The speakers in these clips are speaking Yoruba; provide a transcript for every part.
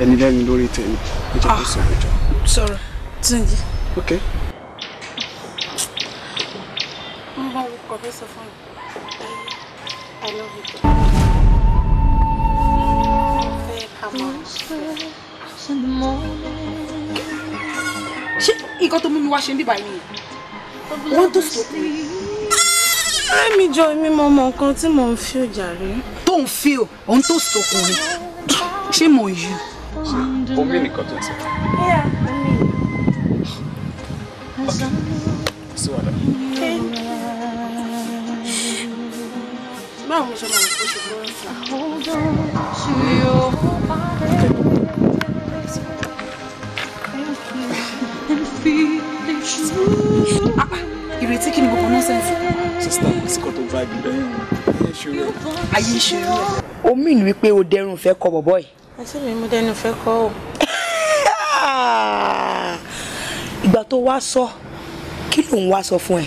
ẹni lẹ́nu lórí tẹ̀mí ẹ jẹ́ kó ah, sọ̀rọ̀ jọ. sọ̀rọ̀ Túnjí. ok. n bá wù kọ́ fẹ́ sọ fún mi I love you. fẹ́ ká mọ̀ ṣé nǹkan tó mú mi wá ṣe ń bíbá yìí nìyẹn wọ́n tó sọ pé. Rẹ́mi ah, jọ mi mọ ọmọ nǹkan tí mò ń fi ò jàre. Tó ń fi ò, òun tó sọkùnrin. Ṣé mo yù? omi ah, nìkan tó ń sọ. báwo mo ṣe máa ń kó ṣe kúrò sí i. ìrètí kí ni gbogbo nọ́sẹ̀nsì. sista sika tó bá ibi bẹ́ẹ̀ ayé ìṣòro. omi ni wípé o dẹrùn fẹ́ kọ bọ̀bọ̀ yìí àti mi mú dẹnu fẹ́ kọ́ o. ìgbà tó wá sọ kí ló ń wá sọ fún ẹ.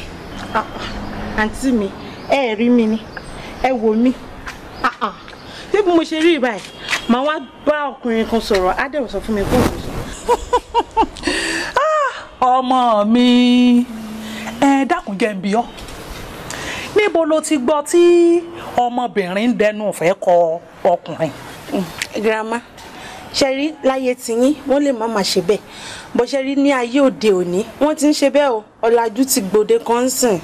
Ah, àǹtí mi ẹ rí mi ni ẹ wò mí ah, ah. bí mo ṣe rí ibà yìí màá wá bá ọkùnrin kan sọ̀rọ̀ á dẹ̀rọ̀ sọ fún mi kó o sọ. ọmọ mi ẹ dákun jẹ́ ń bí ọ́ níbo lo ti gbọ́ tí ọmọbìnrin ń dẹnu fẹ́ kọ ọkùnrin. Mm, girama ṣe rí láyé tiyín wọ́n lè má máa ṣe bẹ́ẹ̀ bó ṣe rí ní ayé òde òní wọ́n ti ń ṣe bẹ́ẹ̀ o ọ̀làjú ti gbòde kan sìn.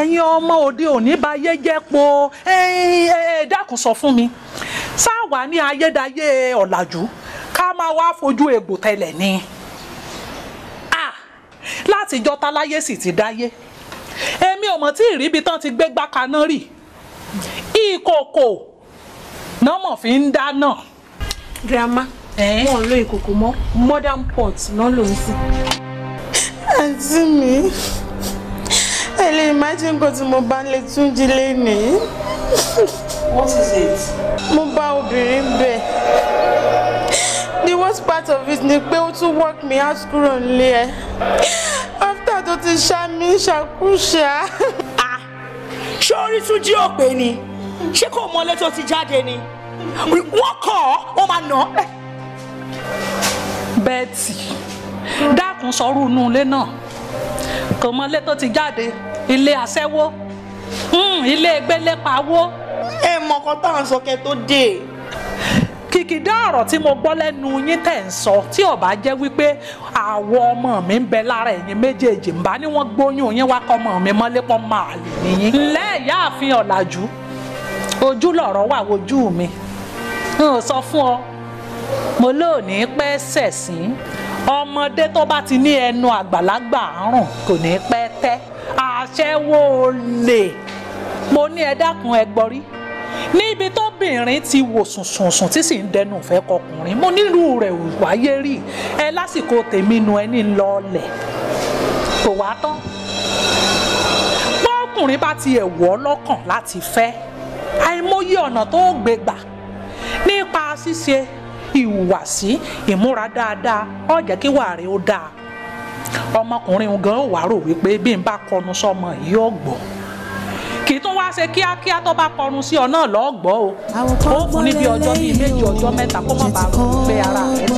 ẹ̀yin ọmọ òde òní bá yé jẹ́ po ẹ dákun sọ fún mi sáwà ní ayédáyé ọ̀làjú ká máa wá fojú egbò tẹlẹ̀ ni látijọ́ táláyé sì ti dáyé èmi ò mọ̀ tí ìríbi tán ti gbé gbá kaná rì ìkòkò nọ́mọ̀ fi ń dáná. grandma wọn lo ìkòkò mọ́ modern pot náà ló ń sìn. àǹtí mi ẹ lè imagine nǹkan tí mo bá lè tún jí lẹ́nu. what is it. mo bá obìnrin bẹ̀ the worst part of it ni pé ó tún work me out kúrò nílé ẹ after tó ti ṣá mi ṣàkúṣà. ah ṣé orí tún jí òpè ni ṣé kò mọlé tó ti jáde ni wọ́n kọ̀ ọ́ wọ́n máa nà ọ́. Eh. bẹ́ẹ̀tì dákun sọ̀rọ̀ inú ilé náà kò mọlé tó ti jáde ilé aṣẹ́wó hmm, ilé gbélépawó. ẹ mọ ọkọ tá à ń sọ kẹ tó dé. kìkìdá ọ̀rọ̀ tí mo gbọ́ lẹ́nu yín tẹ̀ ń sọ tí ó bá jẹ́ wípé àwọn ọmọ mi ń bẹ lára ẹ̀yin méjèèjì ń bá ní wọ́n gbóyún yín wá kọ́ ọmọ mi mọ́lé pọ́n máa lè nìyí. ńlẹ́ ìyáàfin ọ̀làjú ojú lọ̀rọ̀ wà wojú mi n ò sọ fún ọ mo lóòní pẹ́ sẹ̀sìn ọmọdé tó bá ti ní ẹnu àgbàlagbà àrùn kò ní pẹ́ tẹ́ àṣẹwó olè mo ní ẹ dákun ẹ gbọ́rí níbi tóbìnrin ti wò sùnsùnsùn tí sì ń dẹnu ìfẹ́ kọkùnrin mo nílùú rẹ̀ wáyé rí ẹ lásìkò tèmi nu ẹni lọọlẹ̀ kò wá tán pọ́kùnrin bá ti ẹ̀ lọ́kàn láti fẹ́ àìmọye ọ̀nà tó gbé gbà nípa ṣíṣe ìhùwàsí ìmúra dáadáá ó jẹ́ kí wàá rẹ̀ ó dáa ọmọkùnrin gan ó wàá rò wípé bí n bá kọnu sọmọ yìí ó gbọ́ kì í tún wá ṣe kíákíá tó bá kọnu sí ọ náà lọ́ọ́ gbọ́ o ó fún níbi ọjọ́ bíi méjì ọjọ́ mẹ́ta kó má bàa gbé ara rẹ̀